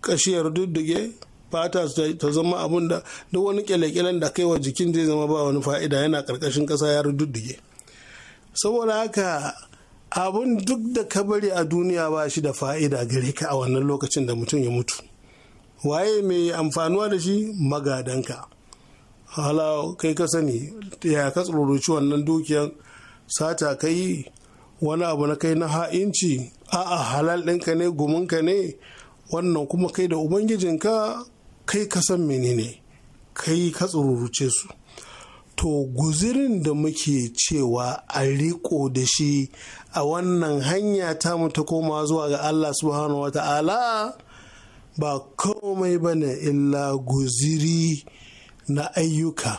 kashiyar duddige fata ta zama abun da duk wani kyale-kyalen da wa jikin zai zama ba wani fa'ida yana karkashin kasa ya duddige saboda haka abun duk da ka bari a duniya ba shi da fa'ida gare ka a wannan lokacin da mutum ya mutu waye mai amfanuwa da shi magadanka hala kai ka sani ya ka tsoroci wannan dukiyan sata kai wani abu na kai na ha'inci a'a halal ɗinka ne gumunka ne wannan kuma kai da ubangijinka kai ka san menene kai ka tsururuce su to guzirin da muke cewa a riko da shi a wannan hanya ta mu ta koma zuwa ga Allah subhanahu Ta'ala, ba komai ba ne illa guziri na ayyuka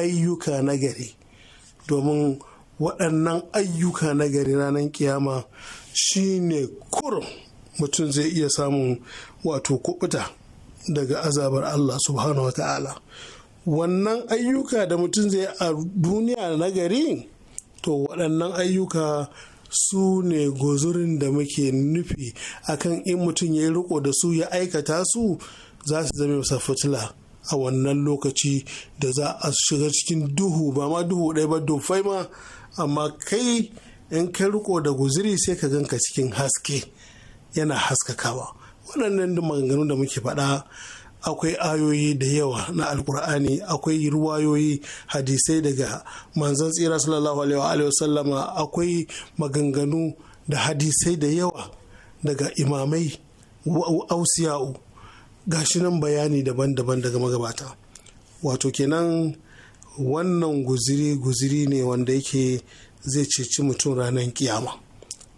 ayyuka na gari domin waɗannan ayyuka na gari ranar kiyama shine kurum mutum zai iya samun wato kubuta daga azabar Allah subhanahu wa ta'ala wannan ayyuka da mutum zai a duniya na gari to waɗannan ayyuka su ne gozurin da muke nufi akan in mutum ya yi riko da su ya aikata su za su zama masa fitila a wannan lokaci da za a shiga cikin duhu ba ma duhu ɗaya ba dufai ma amma kai in ka riko da guziri sai ka ganka cikin haske yana haskakawa waɗannan da maganganu da muke faɗa akwai ayoyi da yawa na alkur'ani akwai ruwayoyi hadisai daga manzon tsira sallallahu alaihi wa sallama akwai maganganu da hadisai da yawa daga imamai ausiya'u gashi nan bayani daban-daban daga magabata wato kenan wannan guziri guziri ne wanda yake zai ceci mutum ranar kiyama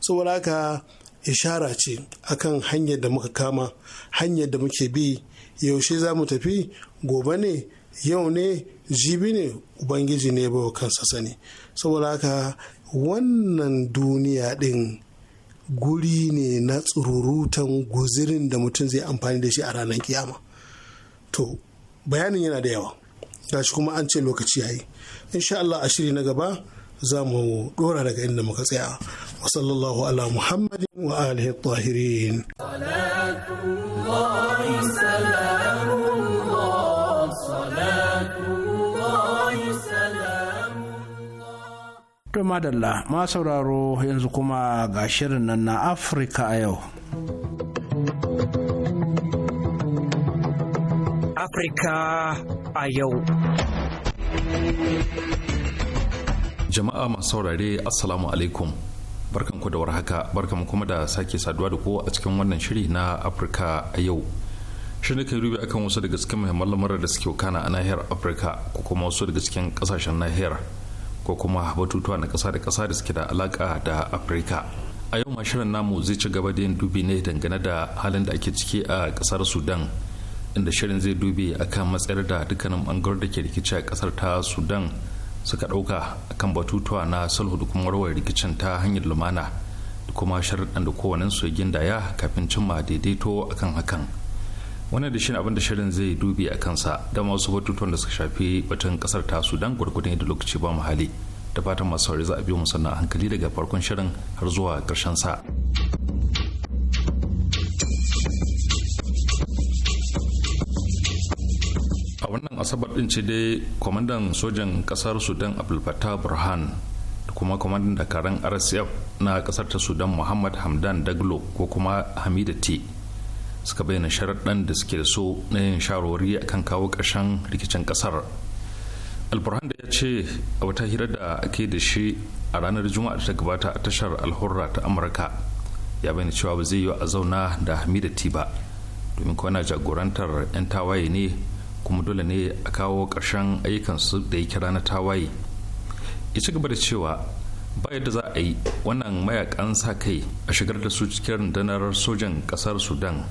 saboda haka ishara ce akan hanyar da muka kama hanyar da muke bi yaushe za mu tafi gobe ne yau ne jibi ne ubangiji ne ba kansa sani saboda haka wannan duniya din guri ne na tsururutan guzirin da mutum zai amfani da shi a ranar kiyama to bayanin yana da yawa gashi kuma an ce lokaci yayi insha Allah a shiri na gaba za mu dora daga inda muka tsaya wa sallallahu ala muhammadin wa alihi tahirin
madalla ma sauraro yanzu kuma ga shirin nan na afirka a yau
afirka
a yau jama'a masu saurare assalamu alaikum barkanku da warhaka barkanku kuma da sake saduwa da ku a cikin wannan shiri na afirka a yau shirin kan rubi akan wasu daga cikin muhimman lamarar da suke kana a nahiyar afirka ko kuma wasu daga cikin kasashen nahiyar ko kuma batutuwa na kasa da kasa da suke da alaka da afirka a yau ma shirin namu zai ci gaba da yin dubi ne dangane da halin da ake ciki a kasar sudan inda shirin zai dubi akan matsayar da dukkanin bangar da ke rikici a kasar ta sudan suka ɗauka kan batutuwa na sulhu da kuma warware rikicin ta hanyar lumana da kuma sharaɗan da kowane su gindaya kafin cimma daidaito akan hakan wannan da shi abin da shirin zai dubi a kansa da masu batutuwan da suka shafi batun kasar ta sudan gwargwadon da lokaci ba hali da fatan masu sauri za a biyo musanna hankali daga farkon shirin har zuwa karshen sa. asabar din ce dai kwamandan sojan kasar sudan abdulfatah burhan da kuma kwamandan dakaran rsf na kasar ta sudan muhammad hamdan daglo ko kuma hamida t suka bayyana sharaɗan da suke so na yin shawarwari kan kawo ƙarshen rikicin ƙasar alburhan da ya ce a wata hira da ake da shi a ranar juma'a da ta gabata a tashar alhurra ta amurka ya bayyana cewa ba zai yi a zauna da hamida t ba domin kuwa na jagorantar 'yan tawaye ne kuma dole ne a kawo ƙarshen ayyukansu da ya kira na tawaye ya ci gaba da cewa ba yadda za a yi wannan mayakan sa kai a shigar da su cikin rundunar sojan ƙasar sudan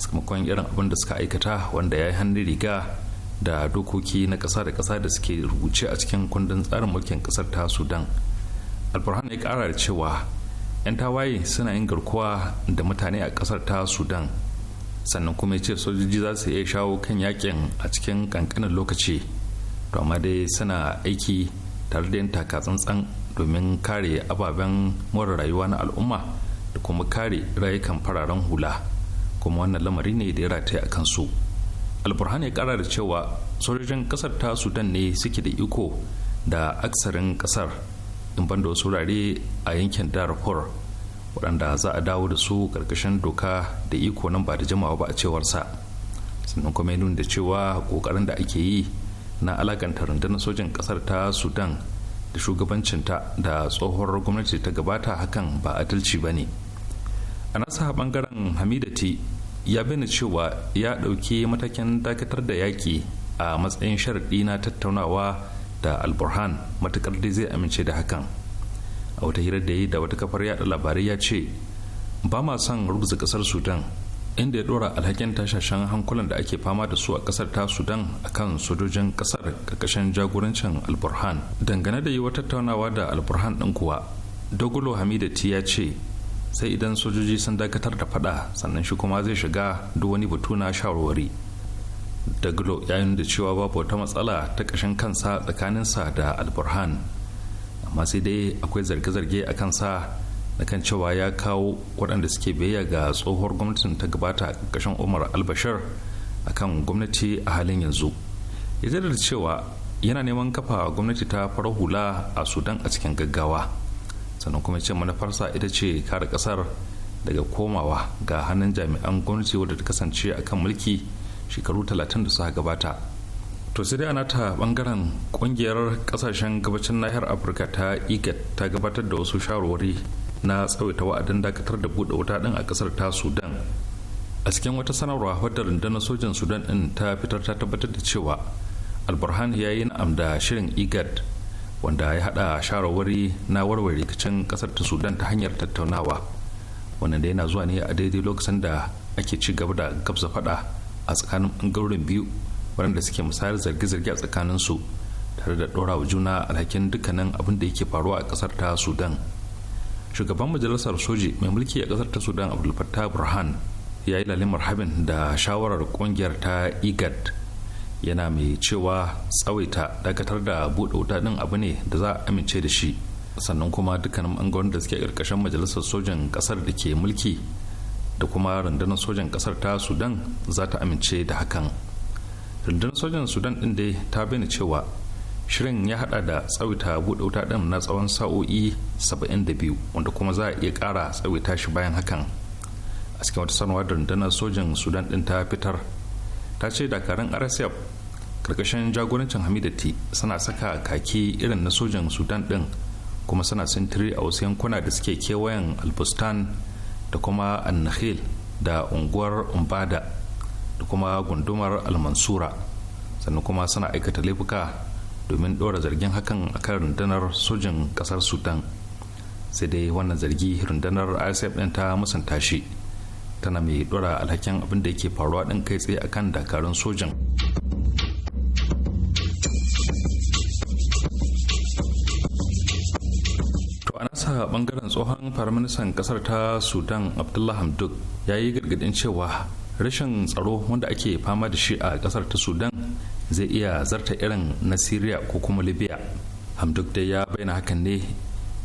sakamakon irin abin da suka aikata wanda ya yi hannun riga da dokoki na ƙasa da ƙasa da suke rubuce a cikin kundin tsarin mulkin ƙasar ta sudan alfarhan ya ƙara da cewa 'yan tawaye suna yin garkuwa da mutane a ƙasar ta sudan sannan kuma ya ce sojoji za su iya shawo kan yakin a cikin kankanin lokaci to amma dai suna aiki tare da yin takatsantsan domin kare ababen more rayuwa na al'umma da kuma kare rayukan fararen hula kuma wannan lamari ne da ya rataya a kansu alburhan ya kara da cewa sojojin kasar ta sudan ne suke da iko da aksarin kasar in banda wasu wurare a yankin darfur waɗanda za a dawo da su ƙarƙashin doka da iko nan ba da jimawa ba a cewarsa sannan kuma ya da cewa ƙoƙarin da ake yi na alakanta rundunar sojin ƙasar ta sudan da shugabancinta da tsohuwar gwamnati ta gabata hakan ba adalci ba ne a nasa bangaren hamidati ya bayyana cewa ya ɗauki matakin dakatar da yaƙi a matsayin sharaɗi na tattaunawa da alburhan matuƙar dai zai amince da hakan a wata hirar da yi da wata kafar yada labarai ya ce ba ma son rubuta kasar sudan inda ya dora alhakin tashashen hankulan da ake fama da su a kasar ta sudan kan sojojin kasar karkashin jagorancin alburhan dangane da yiwuwar tattaunawa da alburhan din kuwa dogolo hamidati ya ce sai idan sojoji sun dakatar da fada sannan shi kuma zai shiga duk wani batu na shawarwari dagulo ya da cewa babu wata matsala ta kashin kansa tsakaninsa da alburhan amma sai dai akwai zarge-zarge a sa na kan cewa ya kawo waɗanda suke biyayya ga tsohuwar gwamnatin ta gabata a ƙarƙashin umar albashir a kan gwamnati a halin yanzu ya da cewa yana neman kafa gwamnati ta fara hula a sudan a cikin gaggawa sannan kuma ce manufarsa ita ce kare ƙasar daga komawa ga hannun jami'an gwamnati wadda ta kasance a kan mulki shekaru talatin da suka gabata to sai dai ana ta bangaren kungiyar kasashen gabacin nahiyar afirka ta igat ta gabatar da wasu shawarwari na tsawaita wa'adin dakatar da buɗe wuta ɗin a ƙasar ta sudan a cikin wata sanarwa wadda rundunar sojan sudan ɗin ta fitar ta tabbatar da cewa alburhan ya yi na'am da shirin igat wanda ya haɗa shawarwari na warware rikicin ƙasar ta sudan ta hanyar tattaunawa wannan da yana zuwa ne a daidai lokacin da ake ci gaba da gabza faɗa a tsakanin ɓangarorin biyu waɗanda suke misayar zarge-zarge a tsakaninsu tare da ɗora wa juna alhakin dukkanin abin da yake faruwa a ƙasar ta sudan shugaban majalisar soji mai mulki a ƙasar ta sudan abdul burhan ya yi lalimar habin da shawarar ƙungiyar ta igad yana mai cewa tsawaita dakatar da buɗe wuta ɗin abu ne da za a amince da shi sannan kuma dukkanin ɓangaren da suke ƙarƙashin majalisar sojan ƙasar da ke mulki da kuma rundunar sojan ƙasar ta sudan za ta amince da hakan rundunar sojan sudan din dai ta bayyana cewa shirin ya hada da tsawita buɗe wuta din na tsawon sa'o'i 72 wanda kuma za a iya ƙara tsawaita shi bayan hakan a cikin wata sanarwa da rundunar sojan sudan din ta fitar ta ce dakarun rsf karkashin jagorancin hamidati suna saka kaki irin na sojan sudan din kuma suna sintiri a wasu yankuna da suke kewayen albustan da kuma annahil da unguwar umbada da kuma gundumar almansura sannan kuma suna aikata laifuka domin ɗora zargin hakan a kan rundunar sojin ƙasar sudan sai dai wannan zargi rundunar isaf ɗin ta musanta shi tana mai ɗora alhakin abin da yake faruwa ɗin kai tsaye akan dakarun sojin a bangaren tsohon faraministan kasar ta sudan abdullah hamduk ya yi gargadin cewa rashin tsaro wanda ake fama da shi a kasar ta sudan zai iya zarta irin na syria ko kuma libya hamduk dai ya bayyana hakan ne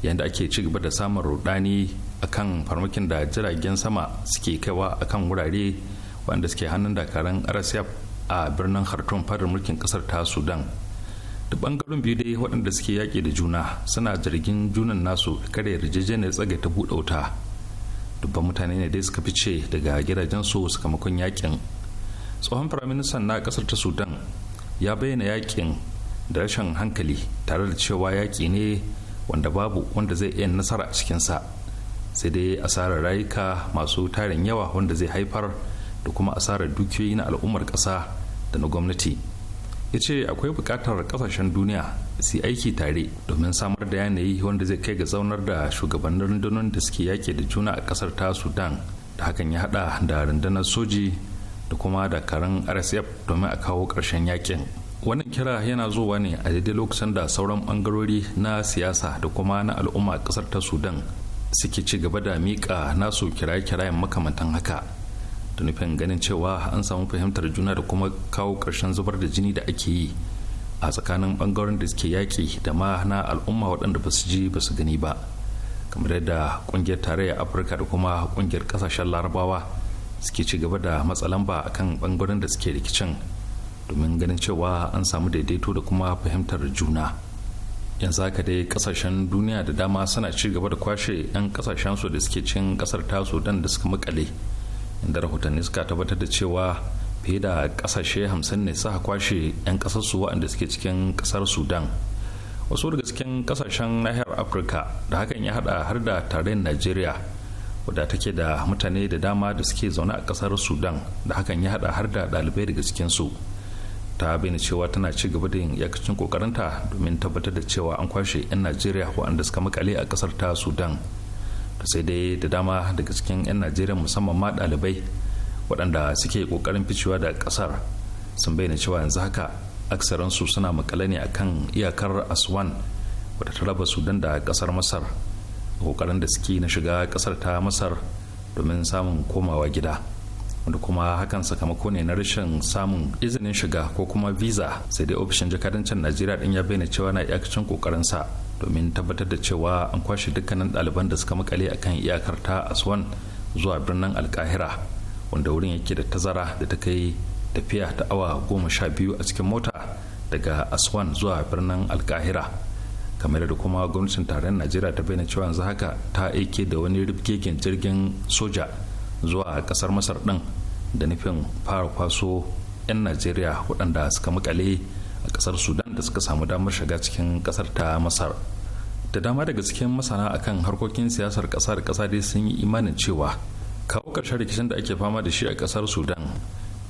yadda ake ci gaba da samun rudani kan farmakin da jiragen sama suke kaiwa a kan wurare wanda suke hannun dakaran rsf a birnin khartoum fadar mulkin kasar ta sudan da bangaren biyu dai waɗanda suke yaƙi da juna suna jirgin junan nasu kare yarjejeniyar tsage ta buɗe wuta dubban mutane ne dai suka fice daga gidajen su sakamakon yakin tsohon firaministan na kasar ta sudan ya bayyana yakin da rashin hankali tare da cewa yaƙi ne wanda babu wanda zai iya nasara a cikinsa sai dai asarar rayuka masu tarin yawa wanda zai haifar da kuma asarar dukiyoyi na al'ummar ƙasa da na gwamnati ya ce akwai buƙatar ƙasashen duniya su aiki tare domin samar da yanayi wanda zai kai ga zaunar da shugabannin rundunar da suke yaƙi da juna a ƙasar ta sudan da hakan ya hada da rundunar soji da kuma dakarun rsf domin a kawo ƙarshen yakin wannan kira yana zuwa ne a daidai lokacin da sauran bangarori na siyasa da kuma na al'umma a ƙasar ta sudan suke ci gaba da miƙa nasu kiraye-kirayen makamantan haka da nufin ganin cewa an samu fahimtar juna da kuma kawo ƙarshen zubar da jini da ake yi a tsakanin bangaren da suke yaƙi da ma na al'umma waɗanda ba su ji ba su gani ba kamar yadda ƙungiyar tarayyar afirka da kuma ƙungiyar ƙasashen larabawa suke ci gaba da matsalan ba akan bangaren da suke rikicin domin ganin cewa an samu daidaito da kuma fahimtar juna yanzu haka dai kasashen duniya da dama suna ci gaba da kwashe 'yan kasashen su da suke cin kasar tasu dan da suka makale inda rahotanni suka tabbatar da cewa fiye da kasashe hamsin ne suka kwashe 'yan kasarsu waɗanda suke cikin kasar sudan wasu daga cikin kasashen nahiyar afirka da hakan ya hada har da tarayyar najeriya wadda take da mutane da dama da suke zaune a kasar sudan da hakan ya hada har da ɗalibai daga cikinsu ta bayyana cewa tana ci gaba da yin yakacin kokarinta domin tabbatar da cewa an kwashe 'yan najeriya waɗanda suka makale a kasar ta sudan sai dai da dama daga cikin 'yan najeriya musamman ma ɗalibai waɗanda suke ƙoƙarin ficewa da ƙasar sun bayyana cewa yanzu haka aksaransu suna makale ne akan iyakar aswan wadda ta raba sudan da ƙasar masar ƙoƙarin da suke na shiga ƙasar ta masar domin samun komawa gida wanda kuma hakan sakamako ne na rashin samun izinin shiga ko kuma visa sai dai ofishin jakadancin najeriya din ya bayyana cewa na iyakacin sa domin tabbatar da cewa an kwashe dukkanin ɗaliban da suka makale akan iyakar ta aswan zuwa birnin alkahira wanda wurin yake da tazara da ta kai tafiya ta awa goma sha biyu a cikin mota daga aswan zuwa birnin alkahira kamar da kuma gwamnatin tarayyar najeriya ta bayyana cewa yanzu haka ta aike da wani rifkeken jirgin soja zuwa kasar masar din da nufin fara kwaso 'yan najeriya waɗanda suka makale a kasar sudan da suka samu damar shiga cikin kasar ta masar da dama daga cikin masana akan harkokin siyasar kasa da kasa dai sun yi imanin cewa kawo ƙarshen rikicin da ake fama da shi a ƙasar sudan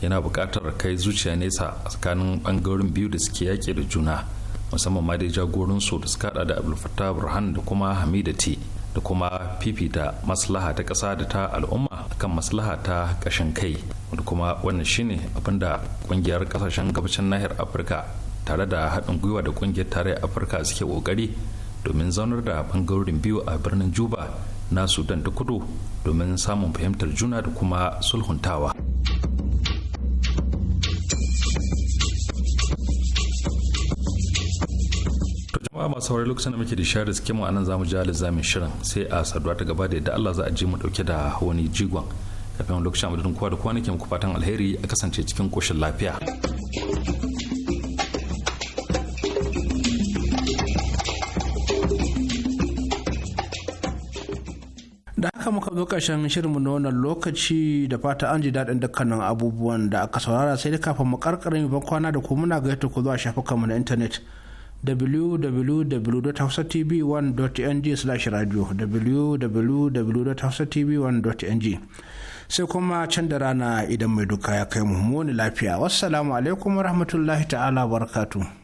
yana buƙatar kai zuciya nesa a tsakanin ɓangarorin biyu da suke yaƙi da juna musamman ma da dai jagoransu da suka da da abdulfattah burhan da kuma hamidati da kuma fifita maslaha ta ƙasa da ta al'umma kan maslaha ta ƙashin kai da kuma wannan shine abin da ƙungiyar ƙasashen gabashin nahiyar afirka tare da haɗin gwiwa da ƙungiyar tarayyar afirka suke ƙoƙari domin zaunar da ɓangarorin biyu a birnin juba na sudan da kudu domin samun fahimtar juna da kuma sulhuntawa jama'a masu saurari lokacin da muke da share da mu anan zamu ji alizamin shirin sai a saduwa ta gaba da yadda Allah za a ji mu dauke da wani jigon kafin lokacin da kowa da kowa nake muku fatan alheri a kasance cikin koshin lafiya.
zo ƙarshen shirinmu na wannan lokaci da fata an ji daɗin dukkanin abubuwan da aka saurara sai da kafin mu ƙarƙarin mu ban kwana da ku muna gaita ku zuwa shafukanmu na intanet www.hausatv1.ng/radio www.hausatv1.ng sai kuma can da rana idan mai duka ya kai mu lafiya wassalamu alaikum warahmatullahi ta'ala barakatuh